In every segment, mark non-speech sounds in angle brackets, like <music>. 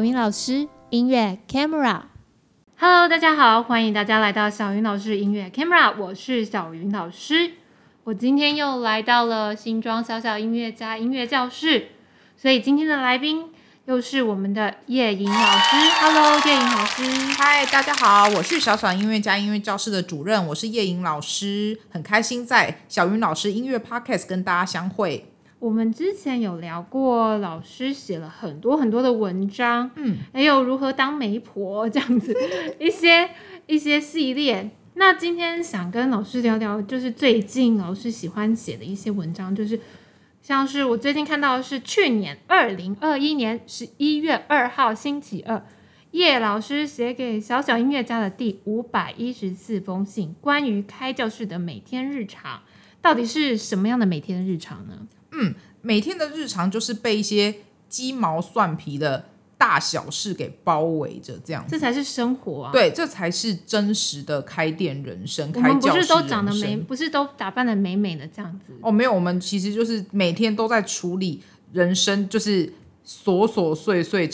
小芸老師音樂開麥拉，Hello，大家好，歡迎大家來到小芸老師音樂開麥拉，我是小芸老師，我今天又來到了新莊小小音樂家音樂教室，所以今天的來賓又是我們的葉盈老師，Hello，葉盈老師，嗨，Hi, 大家好，我是小小音樂家音樂教室的主任，我是葉盈老師，很開心在小芸老師音樂 Podcast 跟大家相會。我們之前有聊過，老師寫了很多很多的文章，嗯，還有如何當媒婆這樣子一些 <laughs> 一些系列。那今天想跟老師聊聊，就是最近老師喜歡寫的一些文章，就是像是我最近看到的是去年二零二一年十一月二號星期二，葉老師寫給小小音樂家的第五百一十四封信，關於開教室的每天日常，到底是什麼樣的每天日常呢？嗯，每天的日常就是被一些雞毛蒜皮的大小事給包圍着，這樣子，這才是生活啊！對，這才是真實的開店人生。開店不是都長得美，不是都打扮得美美的這樣子？哦，沒有，我們其實就是每天都在處理人生，就是瑣瑣碎碎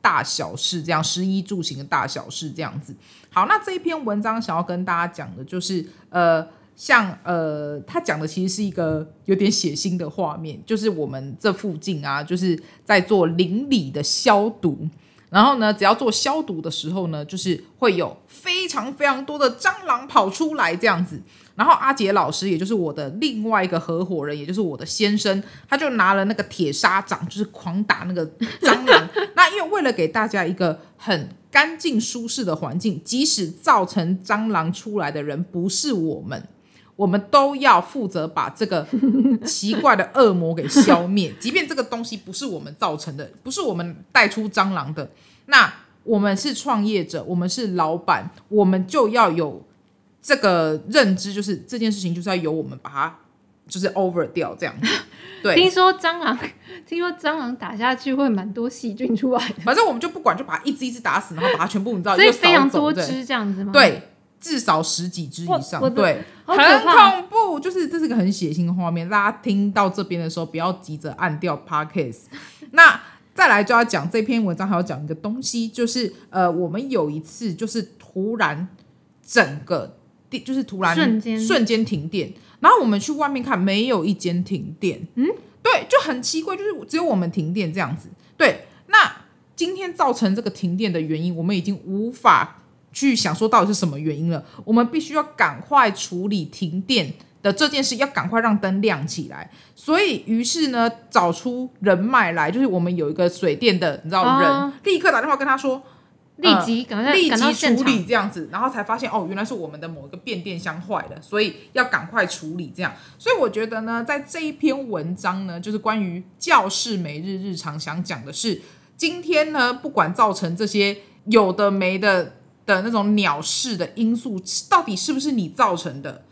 大小事，這樣，食衣住行的大小事，這樣子。好，那這一篇文章想要跟大家講的就是，呃。像呃，他講的其實是一個有點血腥的畫面，就是我們這附近啊，就是在做鄰里的消毒，然後呢，只要做消毒的時候呢，就是會有非常非常多的蟑螂跑出來這樣子。然後阿杰老師，也就是我的另外一個合夥人，也就是我的先生，他就拿了那個鐵砂掌，就是狂打那個蟑螂。 <laughs> 那因為為了給大家一個很乾淨舒適的環境，即使造成蟑螂出來的人不是我們。我們都要負責把這個奇怪的惡魔給消滅， <laughs> 即便這個東西不是我們造成的，不是我們帶出蟑螂的。那我們是創業者，我們是老闆，我們就要有這個認知，就是這件事情就是要由我們把它就是 over 掉，這樣子。對，聽說蟑螂，聽說蟑螂打下去會蠻多細菌出來的。反正我們就不管，就把一隻一隻打死，然後把它全部你知道，所以非常多隻這樣子嗎？對。至少十幾隻以上，對，很恐怖，就是這是個很血腥的畫面。大家聽到這邊的時候，不要急着按掉 Podcast。Parkes， <laughs> 那再來就要講這篇文章，還要講一個東西，就是呃，我們有一次就是突然整個電，就是突然瞬間，瞬間停電，然後我們去外面看，沒有一間停電，嗯，對，就很奇怪，就是只有我們停電這樣子。對，那今天造成這個停電的原因，我們已經無法，去想說到底是什麼原因了？我們必須要趕快處理停電的這件事，要趕快讓燈亮起來。所以，於是呢，找出人脈來，就是我們有一個水電的，你知道人，立刻打電話跟他說，立即、立即處理這樣子。然後才發現，哦，原來是我們的某一個變電箱壞了，所以要趕快處理這樣。所以，我覺得呢，在這一篇文章呢，就是關於教室每日日常想講的是，今天呢，不管造成這些有的沒的，的那種鳥式的因素，到底是不是你造成的？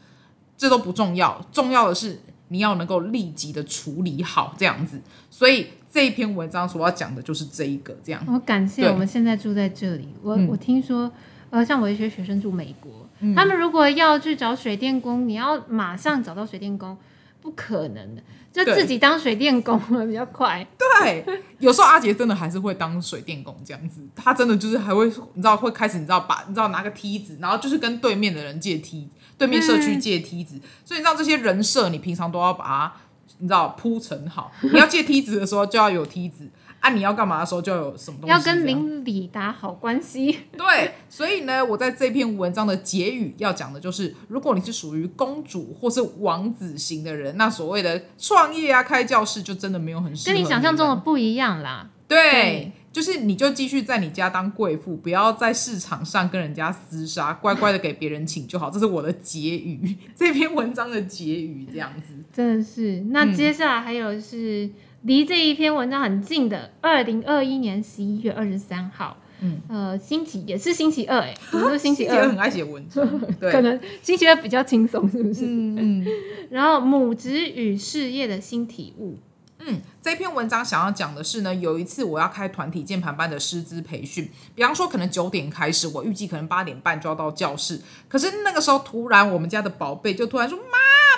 這都不重要，重要的是你要能夠立即的處理好這樣子。所以這一篇文章所要講的就是這一個這樣。我感謝我們現在住在這裡。我、嗯、我聽說，呃，像我一些學生住美國、嗯，他們如果要去找水電工，你要馬上找到水電工。嗯不可能的，就自己當水電工了比較快。對，有時候阿杰真的還是會當水電工這樣子，他真的就是還會，你知道會開始，你知道把你知道拿個梯子，然後就是跟對面的人借梯，對面社區借梯子、嗯。所以你知道這些人設，你平常都要把它，你知道鋪陳好。你要借梯子的時候就要有梯子 <laughs> 啊，你要幹嘛的時候就要有什麼東西。要跟鄰里打好關係。對。所以呢，我在這篇文章的結語要講的就是，如果你是屬於公主或是王子型的人，那所謂的創業啊、開教室就真的沒有很適合你。跟你想象中的不一樣啦，對。對，就是你就繼續在你家當貴婦，不要在市場上跟人家廝殺，乖乖的給別人請就好。這是我的結語，這篇文章的結語這樣子。真的是。那接下來還有是離這一篇文章很近的，二零二一年十一月二十三號。嗯，呃，星期也是星期二、欸，哎，不是星期二。很愛寫文字，對， <laughs> 可能星期二比較輕鬆，是不是？嗯，嗯，然後母職與事業的新體悟。嗯，這篇文章想要講的是呢，有一次我要開團體鍵盤班的師資培訓，比方說可能九點開始，我預計可能八點半就要到教室，可是那個時候突然我們家的寶貝就突然說：“媽，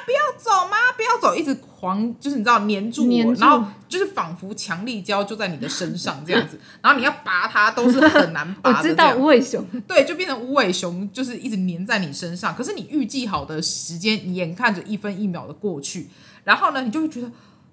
不要走，媽，不要走，一直哭。”黃就是你知道粘住我黏住，然後就是仿佛強力膠就在你的身上這樣子， <laughs> 然後你要拔它都是很難拔的。 <laughs> 我知道無尾熊對，就變成無尾熊，就是一直粘在你身上。可是你預計好的時間，你眼看着一分一秒的過去，然後呢，你就會覺得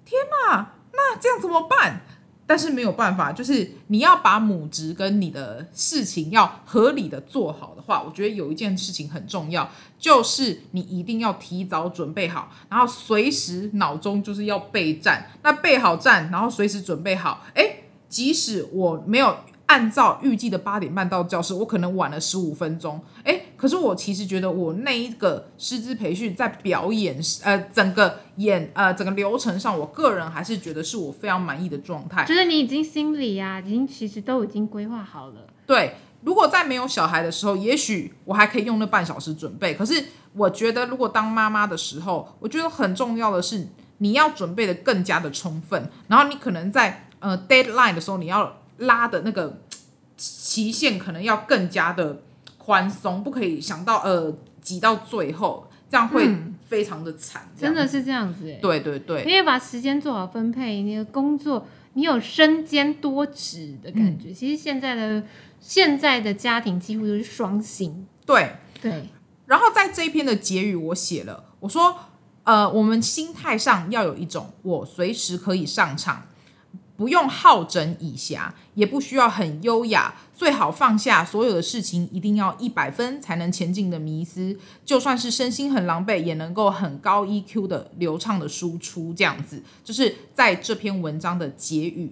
天哪，那這樣怎麼辦？但是沒有辦法，就是你要把母職跟你的事情要合理的做好的話，我覺得有一件事情很重要，就是你一定要提早準備好，然後隨時腦中就是要備戰，那備好戰，然後隨時準備好，哎，即使我沒有。按照預計的八點半到教室，我可能晚了十五分鐘。哎，可是我其實覺得我那一個師資培訓在表演呃整個演呃整個流程上，我個人還是覺得是我非常滿意的狀態。就是你已經心裡呀、啊，已經其實都已經規劃好了。對，如果在沒有小孩的時候，也許我還可以用那半小時準備。可是我覺得，如果當媽媽的時候，我覺得很重要的是你要準備得更加的充分，然後你可能在呃 deadline 的時候你要。拉的那個期限，可能要更加的寬鬆，不可以想到呃擠到最後，這樣會非常的慘、嗯。真的是這樣子、欸，對對對，你要把時間做好分配，你的工作你有身兼多職的感覺、嗯。其實現在的現在的家庭幾乎都是雙薪，對對。然後在這一篇的結語，我寫了，我說呃我們心態上要有一種我隨時可以上場。不用好整以暇，也不需要很優雅，最好放下所有的事情，一定要一百分才能前進的迷思。就算是身心很狼狽，也能夠很高 EQ 的流暢的輸出。這樣子就是在這篇文章的結語。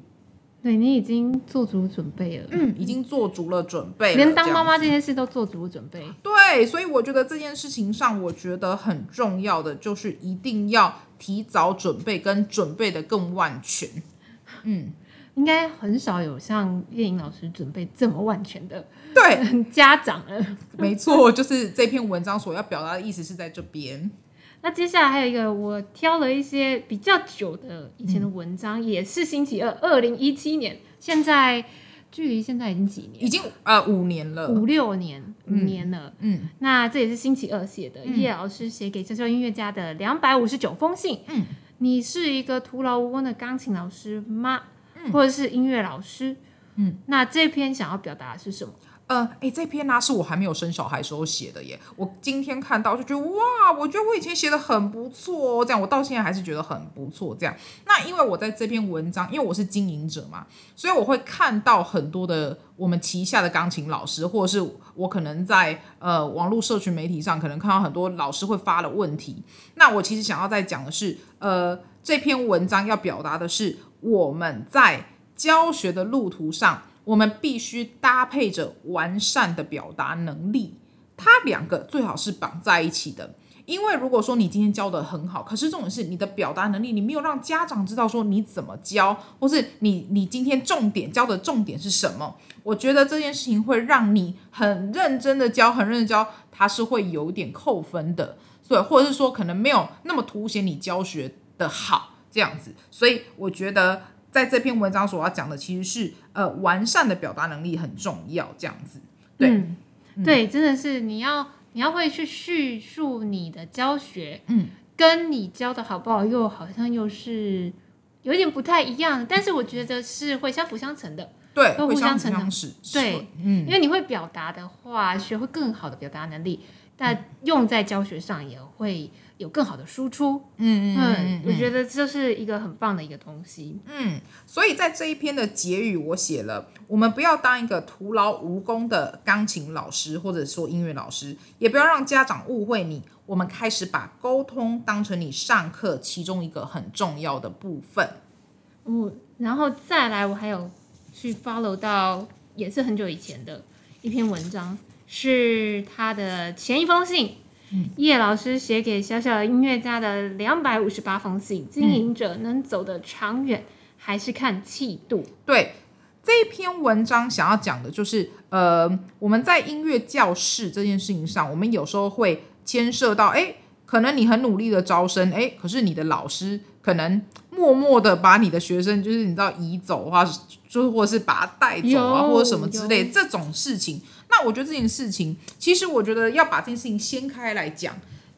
對，你已經做足準備了，嗯，已經做足了準備了，連當媽媽這件事都做足了準備。對，所以我覺得這件事情上，我覺得很重要的就是一定要提早準備，跟準備的更萬全。嗯，應該很少有像葉盈老師準備這麼萬全的對、嗯、家長了。沒錯， <laughs> 就是這篇文章所要表達的意思是在這邊。那接下來還有一個，我挑了一些比較久的以前的文章，嗯、也是星期二，二零一七年。現在距離現在已經幾年？已經呃五年了，五六年，五年了。嗯，那這也是星期二寫的葉、嗯、老師寫給悄悄音樂家的兩百五十九封信。嗯。你是一個徒勞無功的鋼琴老師嗎？嗯，或者是音樂老師？嗯，那這篇想要表達的是什麼？嗯、呃，誒，這篇呢、啊、是我還沒有生小孩時候寫的耶。我今天看到就覺得哇，我覺得我以前寫的很不錯哦。這樣我到現在還是覺得很不錯。這樣，那因為我在這篇文章，因為我是經營者嘛，所以我會看到很多的我們旗下的鋼琴老師，或者是我可能在呃網絡社群媒體上，可能看到很多老師會發的問題。那我其實想要再講的是，呃，這篇文章要表達的是我們在教學的路途上。我們必須搭配着完善的表達能力，它兩個最好是綁在一起的。因為如果說你今天教的很好，可是重點是你的表達能力，你沒有讓家長知道說你怎麼教，或是你你今天重點教的重點是什麼，我覺得這件事情會讓你很認真的教，很認真的教，它是會有點扣分的。對，或者是說可能沒有那麼凸顯你教學的好這樣子。所以我覺得。在這篇文章所要講的，其實是呃、完善的表達能力很重要。這樣子，對、嗯嗯、對，真的是你要你要會去敘述你的教學，嗯，跟你教的好不好，又好像又是有點不太一樣，但是我覺得是會相輔相成的，對，會互相，相成長，對，嗯，因為你會表達的話，學會更好的表達能力。但用在教學上也會有更好的輸出，嗯嗯嗯，我覺得這是一個很棒的一個東西，嗯。所以在這一篇的結語，我寫了：我們不要當一個徒勞無功的鋼琴老師，或者說音樂老師，也不要讓家長誤會你。我們開始把溝通當成你上課其中一個很重要的部分。嗯，然後再來，我還有去 follow 到也是很久以前的一篇文章。是他的前一封信，葉、嗯、老師寫給小小音樂家的兩百五十八封信。經營者能走得長遠、嗯，還是看氣度。對，這一篇文章想要講的就是，呃，我們在音樂教室這件事情上，我們有時候會牽涉到，哎、欸，可能你很努力的招生，哎、欸，可是你的老師可能。默默的把你的學生，就是你知道移走啊，就或者是把他帶走啊，或者什麼之類這種事情。那我覺得這件事情，其實我覺得要把這件事情掀開來講，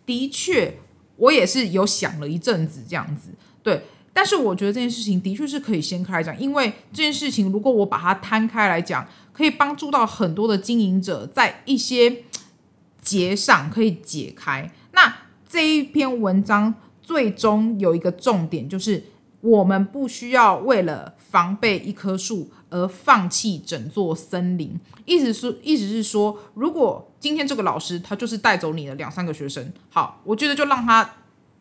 的確，我也是有想了一陣子這樣子。對，但是我覺得這件事情的確是可以掀開來講，因為這件事情如果我把它攤開來講，可以幫助到很多的經營者在一些結上可以解開。那這一篇文章。最終有一個重點，就是我們不需要為了防備一棵樹而放棄整座森林。意思是，意思是說，如果今天這個老師他就是帶走你的兩三個學生，好，我覺得就讓他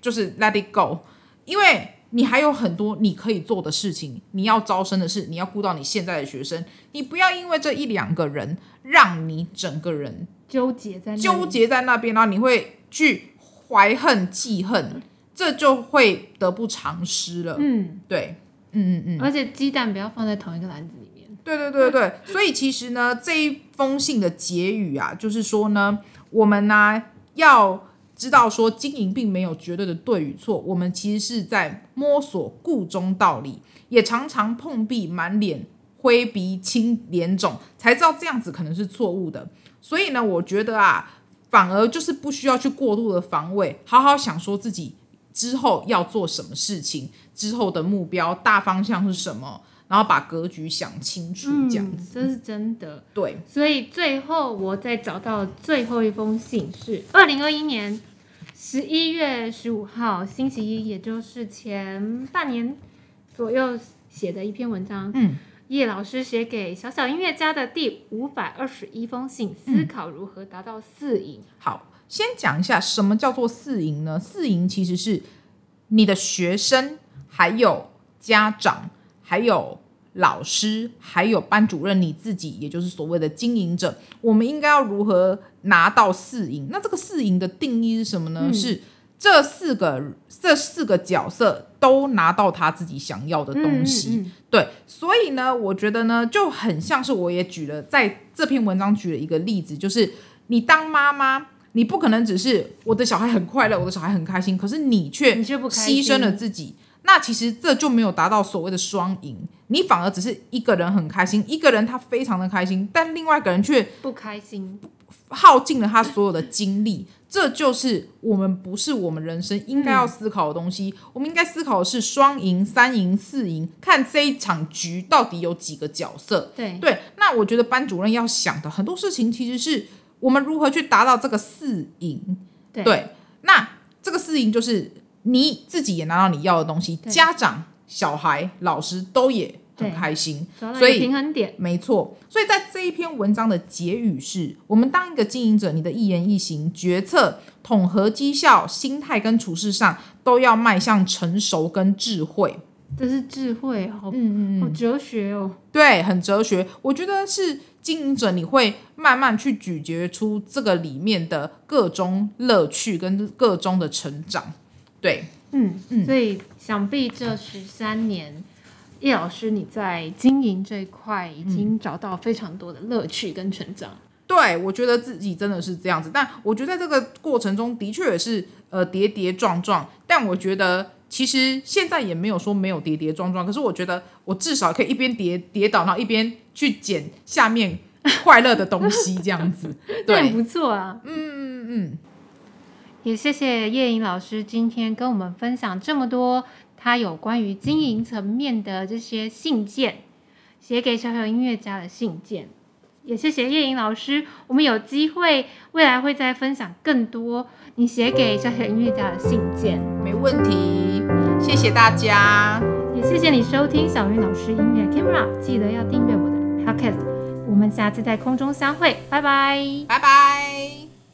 就是 let it go，因為你還有很多你可以做的事情，你要招生的事，你要顧到你現在的學生，你不要因為這一兩個人讓你整個人糾結在糾結在那邊啊，然後你會去懷恨記恨。這就會得不償失了。嗯，對，嗯嗯嗯，而且雞蛋不要放在同一個籃子裡面。對對對對對。所以其實呢，這一封信的結語啊，就是說呢，我們呢、啊、要知道說經營並沒有絕對的對與錯，我們其實是在摸索箇中道理，也常常碰壁，滿臉灰鼻青臉腫，才知道這樣子可能是錯誤的。所以呢，我覺得啊，反而就是不需要去過度的防衛，好好想說自己。之後要做什麼事情？之後的目標大方向是什麼？然後把格局想清楚，這樣子、嗯、這是真的對。所以最後我再找到最後一封信，是二零二一年十一月十五號星期一，也就是前半年左右寫的一篇文章。嗯，葉老師寫給小小音樂家的第五百二十一封信，嗯，思考如何達到四贏。好。先講一下什麼叫做四贏呢？四贏其實是你的學生，還有家長，還有老師，還有班主任你自己，也就是所謂的經營者。我們應該要如何拿到四贏？那這個四贏的定義是什麼呢？嗯、是這四個這四個角色都拿到他自己想要的東西、嗯嗯。對，所以呢，我覺得呢，就很像是我也舉了，在這篇文章舉了一個例子，就是你當媽媽。你不可能只是我的小孩很快樂，我的小孩很開心，可是你卻犧牲了自己。那其實這就沒有達到所謂的雙贏，你反而只是一個人很開心，一個人他非常的開心，但另外一個人卻不開心，耗盡了他所有的精力。 <laughs> 這就是我們不是我們人生應該要思考的東西，我們應該思考的是雙贏、三贏、四贏，看這一場局到底有幾個角色。對對，那我覺得班主任要想的很多事情，其實是。我們如何去達到這個四贏？對，那這個四贏就是你自己也拿到你要的東西，家長、小孩、老師都也很開心，所以平衡點沒錯。所以在這一篇文章的結語是：我們當一個經營者，你的一言一行、決策、統合、績效、心態跟處事上，都要邁向成熟跟智慧。這是智慧，好，嗯嗯，好哲學哦，對，很哲學。我覺得是經營者，你會慢慢去咀嚼出這個裡面的各種樂趣跟各種的成長。對，嗯嗯。所以想必這十三年，葉老師你在經營這一塊已經找到非常多的樂趣跟成長。對，我覺得自己真的是這樣子，但我覺得在這個過程中的確也是呃跌跌撞撞，但我覺得。其實現在也沒有說沒有跌跌撞撞，可是我覺得我至少可以一邊跌跌倒，然後一邊去撿下面快樂的東西， <laughs> 這樣子，對，很不錯啊。嗯嗯嗯，也謝謝葉盈老師今天跟我們分享這麼多他有關於經營層面的這些信件，寫給小小音樂家的信件。也謝謝葉盈老師，我們有機會未來會再分享更多你寫給這些音樂家的信件。沒問題，謝謝大家，也謝謝你收聽小芸老師音樂開麥拉，記得要訂閱我的 Podcast，我們下次在空中相會，拜拜，拜拜。